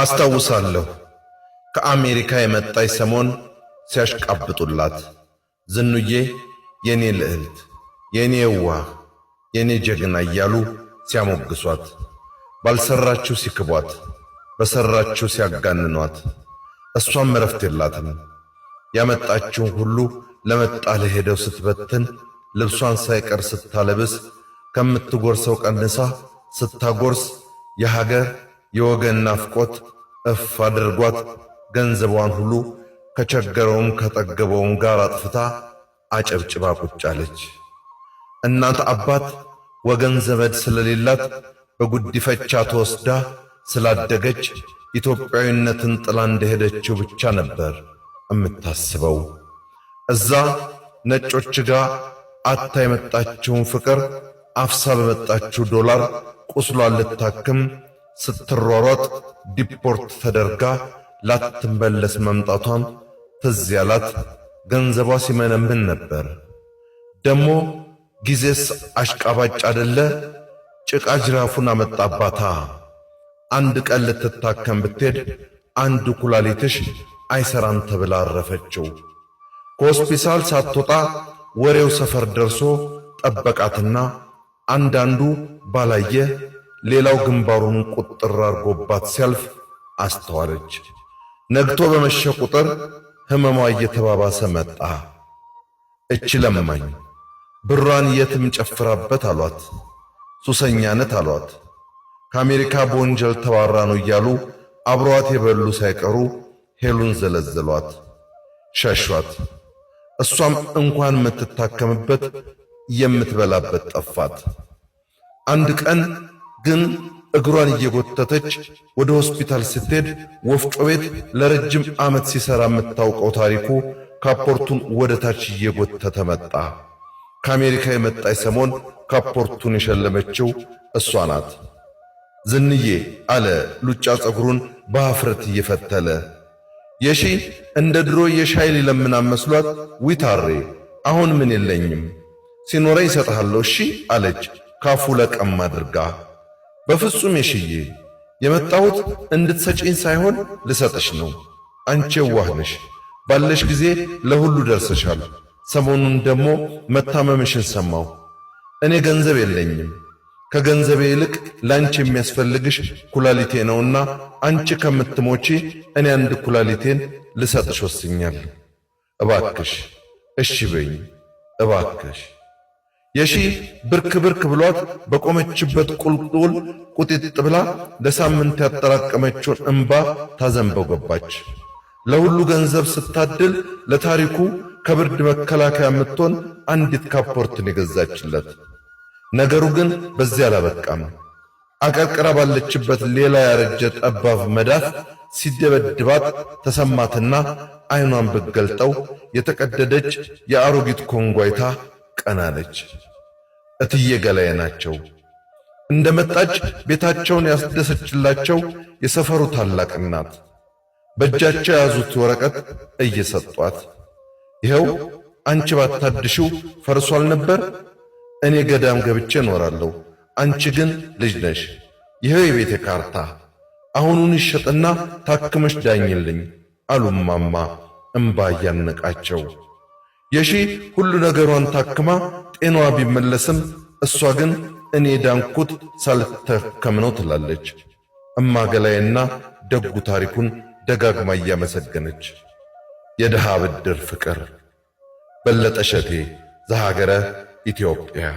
አስታውሳለሁ ከአሜሪካ የመጣች ሰሞን ሲያሽቃብጡላት ዝኑዬ የኔ ልዕልት፣ የኔ ዋ የኔ ጀግና እያሉ ሲያሞግሷት፣ ባልሰራችሁ ሲክቧት፣ በሰራችሁ ሲያጋንኗት፣ እሷም እረፍት የላትም። ያመጣችውን ሁሉ ለመጣል ሄደው ስትበትን ልብሷን ሳይቀር ስታለብስ ከምትጎርሰው ቀንሳ ስታጎርስ የሀገር የወገን ናፍቆት እፍ አድርጓት ገንዘቧን ሁሉ ከቸገረውም ከጠገበውም ጋር አጥፍታ አጨብጭባ ቁጫለች። እናት አባት፣ ወገን ዘመድ ስለሌላት በጉዲፈቻ ተወስዳ ስላደገች ኢትዮጵያዊነትን ጥላ እንደሄደችው ብቻ ነበር እምታስበው። እዛ ነጮች ጋር አታ የመጣችውን ፍቅር አፍሳ በመጣችው ዶላር ቁስሏን ልታክም ስትሯሯጥ ዲፖርት ተደርጋ ላትመለስ መምጣቷን ትዝ ያላት ገንዘቧ ሲመነምን ነበር። ደሞ ጊዜስ አሽቃባጭ አደለ? ጭቃ ጅራፉን አመጣባታ። አንድ ቀን ልትታከም ብትሄድ አንድ ኩላሊትሽ አይሰራም ተብላ አረፈችው። ከሆስፒታል ሳትወጣ ወሬው ሰፈር ደርሶ ጠበቃትና አንዳንዱ ባላየ ሌላው ግንባሩን ቁጥር አርጎባት ሲያልፍ አስተዋለች። ነግቶ በመሸ ቁጥር ሕመሟ እየተባባሰ መጣ። እች ለማኝ ብሯን የትም ጨፍራበት አሏት። ሱሰኛነት አሏት። ከአሜሪካ በወንጀል ተባራ ነው እያሉ አብሯት የበሉ ሳይቀሩ ሄሉን ዘለዘሏት፣ ሸሿት። እሷም እንኳን የምትታከምበት የምትበላበት ጠፋት። አንድ ቀን ግን እግሯን እየጎተተች ወደ ሆስፒታል ስትሄድ ወፍጮ ቤት ለረጅም ዓመት ሲሰራ የምታውቀው ታሪኩ ካፖርቱን ወደ ታች እየጎተተ መጣ። ከአሜሪካ የመጣች ሰሞን ካፖርቱን የሸለመችው እሷ ናት። ዝንዬ አለ ሉጫ ፀጉሩን በአፍረት እየፈተለ የሺ እንደ ድሮ የሻይ ሊለምና መስሏት ዊታሬ አሁን ምን የለኝም ሲኖረ ይሰጥሃለሁ እሺ አለች ካፉ ለቀም አድርጋ በፍጹም የሽዬ የመጣሁት እንድትሰጪኝ ሳይሆን ልሰጥሽ ነው። አንቺ የዋህ ነሽ፣ ባለሽ ጊዜ ለሁሉ ደርሰሻል። ሰሞኑን ደግሞ መታመምሽን ሰማሁ። እኔ ገንዘብ የለኝም። ከገንዘቤ ይልቅ ላንቺ የሚያስፈልግሽ ኩላሊቴ ነውና አንቺ ከምትሞቺ እኔ አንድ ኩላሊቴን ልሰጥሽ ወስኛለሁ። እባክሽ እሺ በኝ እባክሽ። የሺ ብርክ ብርክ ብሏት በቆመችበት ቁልቁል ቁጢጥ ብላ ለሳምንት ያጠራቀመችውን እንባ ታዘንበው ገባች። ለሁሉ ገንዘብ ስታድል ለታሪኩ ከብርድ መከላከያ የምትሆን አንዲት ካፖርትን የገዛችለት። ነገሩ ግን በዚያ አላበቃም። አቀርቅራ ባለችበት ሌላ ያረጀ ጠባብ መዳፍ ሲደበድባት ተሰማትና ዓይኗን ብገልጠው የተቀደደች የአሮጊት ኮንጓይታ ቀናለች። እትዬ ገላዬ ናቸው። እንደ መጣች ቤታቸውን ያስደሰችላቸው የሰፈሩ ታላቅ እናት በእጃቸው የያዙት ወረቀት እየሰጧት ይኸው አንቺ ባታድሽው ፈርሷል ነበር። እኔ ገዳም ገብቼ እኖራለሁ፣ አንቺ ግን ልጅ ነሽ። ይኸው የቤቴ ካርታ አሁኑን ይሸጥና ታክመሽ ዳኝልኝ አሉማማ እምባ እያነቃቸው የሺ ሁሉ ነገሯን ታክማ ጤናዋ ቢመለስም እሷ ግን እኔ ዳንኩት ሳልተከም ነው ትላለች። እማገላይና ደጉ ታሪኩን ደጋግማ እያመሰገነች የድሃ ብድር ፍቅር በለጠ ሸቴ ዘሀገረ ኢትዮጵያ